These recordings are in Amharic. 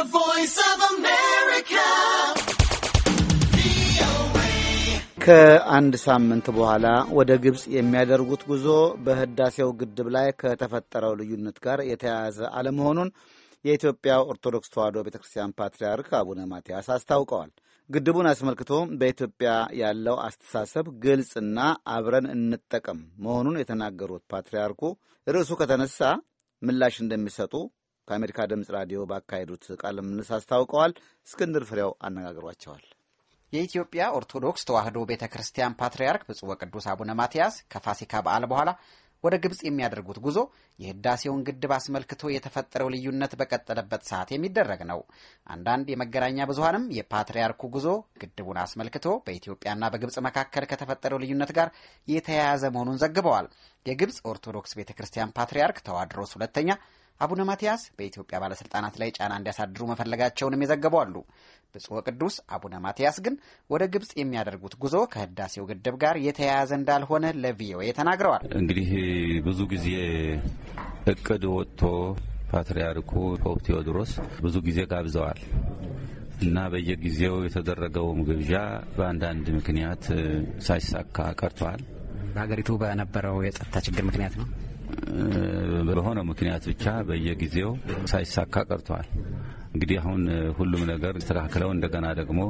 The Voice of America. ከአንድ ሳምንት በኋላ ወደ ግብፅ የሚያደርጉት ጉዞ በህዳሴው ግድብ ላይ ከተፈጠረው ልዩነት ጋር የተያያዘ አለመሆኑን የኢትዮጵያ ኦርቶዶክስ ተዋሕዶ ቤተ ክርስቲያን ፓትርያርክ አቡነ ማትያስ አስታውቀዋል። ግድቡን አስመልክቶ በኢትዮጵያ ያለው አስተሳሰብ ግልጽና አብረን እንጠቀም መሆኑን የተናገሩት ፓትርያርኩ ርዕሱ ከተነሳ ምላሽ እንደሚሰጡ ከአሜሪካ ድምፅ ራዲዮ ባካሄዱት ቃለ ምልልስ አስታውቀዋል። እስክንድር ፍሬው አነጋግሯቸዋል። የኢትዮጵያ ኦርቶዶክስ ተዋሕዶ ቤተ ክርስቲያን ፓትርያርክ ብፁዕ ወቅዱስ አቡነ ማትያስ ከፋሲካ በዓል በኋላ ወደ ግብፅ የሚያደርጉት ጉዞ የህዳሴውን ግድብ አስመልክቶ የተፈጠረው ልዩነት በቀጠለበት ሰዓት የሚደረግ ነው። አንዳንድ የመገናኛ ብዙሀንም የፓትርያርኩ ጉዞ ግድቡን አስመልክቶ በኢትዮጵያና በግብፅ መካከል ከተፈጠረው ልዩነት ጋር የተያያዘ መሆኑን ዘግበዋል። የግብፅ ኦርቶዶክስ ቤተ ክርስቲያን ፓትርያርክ ተዋድሮስ ሁለተኛ አቡነ ማትያስ በኢትዮጵያ ባለስልጣናት ላይ ጫና እንዲያሳድሩ መፈለጋቸውንም የዘገቡ አሉ። ብፁዕ ወቅዱስ አቡነ ማትያስ ግን ወደ ግብጽ የሚያደርጉት ጉዞ ከህዳሴው ግድብ ጋር የተያያዘ እንዳልሆነ ለቪኦኤ ተናግረዋል። እንግዲህ ብዙ ጊዜ እቅድ ወጥቶ ፓትርያርኩ ፖፕ ቴዎድሮስ ብዙ ጊዜ ጋብዘዋል እና በየጊዜው የተደረገውም ግብዣ በአንዳንድ ምክንያት ሳይሳካ ቀርቷል። በሀገሪቱ በነበረው የጸጥታ ችግር ምክንያት ነው። በሆነ ምክንያት ብቻ በየጊዜው ሳይሳካ ቀርተዋል። እንግዲህ አሁን ሁሉም ነገር ተስተካክለው እንደገና ደግሞ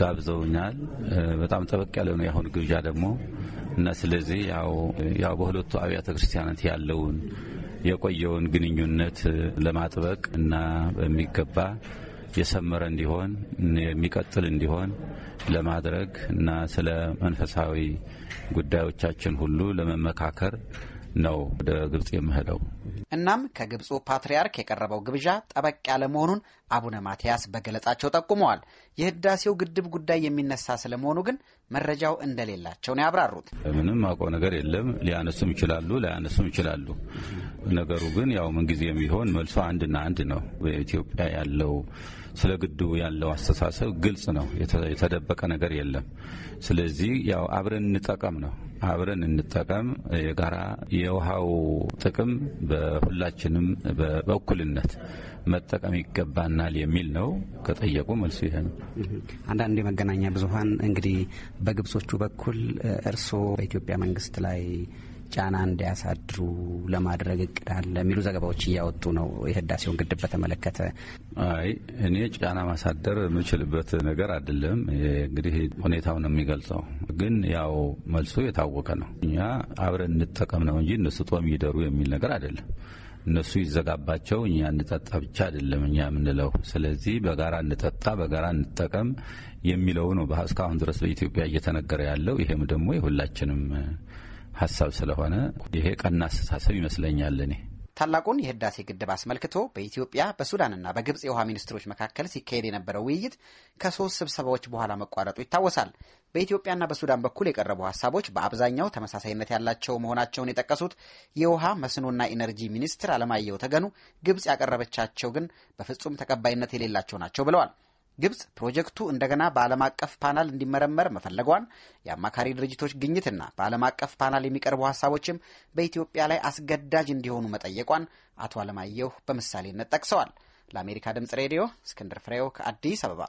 ጋብዘውኛል። በጣም ጠበቅ ያለ ነው የአሁን ግብዣ ደግሞ እና ስለዚህ ያው በሁለቱ አብያተ ክርስቲያናት ያለውን የቆየውን ግንኙነት ለማጥበቅ እና በሚገባ የሰመረ እንዲሆን የሚቀጥል እንዲሆን ለማድረግ እና ስለ መንፈሳዊ ጉዳዮቻችን ሁሉ ለመመካከር ነው ወደ ግብፅ የምሄደው። እናም ከግብፁ ፓትርያርክ የቀረበው ግብዣ ጠበቅ ያለ መሆኑን አቡነ ማትያስ በገለጻቸው ጠቁመዋል። የህዳሴው ግድብ ጉዳይ የሚነሳ ስለመሆኑ ግን መረጃው እንደሌላቸው ነው ያብራሩት። ምንም አውቀው ነገር የለም። ሊያነሱም ይችላሉ፣ ላያነሱም ይችላሉ። ነገሩ ግን ያው ምንጊዜ የሚሆን መልሶ አንድና አንድ ነው። በኢትዮጵያ ያለው ስለ ግድቡ ያለው አስተሳሰብ ግልጽ ነው። የተደበቀ ነገር የለም። ስለዚህ ያው አብረን እንጠቀም ነው። አብረን እንጠቀም፣ የጋራ የውሃው ጥቅም በሁላችንም በእኩልነት መጠቀም ይገባናል የሚል ነው። ከጠየቁ መልሱ ይሄ ነው። አንዳንድ የመገናኛ ብዙኃን እንግዲህ በግብጾቹ በኩል እርስዎ በኢትዮጵያ መንግስት ላይ ጫና እንዲያሳድሩ ለማድረግ እቅድ አለ የሚሉ ዘገባዎች እያወጡ ነው። የህዳሴውን ግድብ በተመለከተ አይ እኔ ጫና ማሳደር የምችልበት ነገር አይደለም። እንግዲህ ሁኔታው ነው የሚገልጸው። ግን ያው መልሶ የታወቀ ነው። እኛ አብረን እንጠቀም ነው እንጂ እነሱ ጦም ይደሩ የሚል ነገር አይደለም። እነሱ ይዘጋባቸው እኛ እንጠጣ ብቻ አይደለም እኛ የምንለው። ስለዚህ በጋራ እንጠጣ፣ በጋራ እንጠቀም የሚለው ነው እስካሁን ድረስ በኢትዮጵያ እየተነገረ ያለው። ይሄም ደግሞ የሁላችንም ሀሳብ ስለሆነ ይሄ ቀና አስተሳሰብ ይመስለኛል እኔ ታላቁን የህዳሴ ግድብ አስመልክቶ በኢትዮጵያ በሱዳንና በግብፅ የውሃ ሚኒስትሮች መካከል ሲካሄድ የነበረው ውይይት ከሶስት ስብሰባዎች በኋላ መቋረጡ ይታወሳል። በኢትዮጵያና በሱዳን በኩል የቀረቡ ሀሳቦች በአብዛኛው ተመሳሳይነት ያላቸው መሆናቸውን የጠቀሱት የውሃ መስኖና ኢነርጂ ሚኒስትር አለማየሁ ተገኑ ግብፅ ያቀረበቻቸው ግን በፍጹም ተቀባይነት የሌላቸው ናቸው ብለዋል። ግብጽ ፕሮጀክቱ እንደገና በዓለም አቀፍ ፓናል እንዲመረመር መፈለጓን የአማካሪ ድርጅቶች ግኝትና በዓለም አቀፍ ፓናል የሚቀርቡ ሀሳቦችም በኢትዮጵያ ላይ አስገዳጅ እንዲሆኑ መጠየቋን አቶ አለማየሁ በምሳሌነት ጠቅሰዋል። ለአሜሪካ ድምጽ ሬዲዮ እስክንድር ፍሬው ከአዲስ አበባ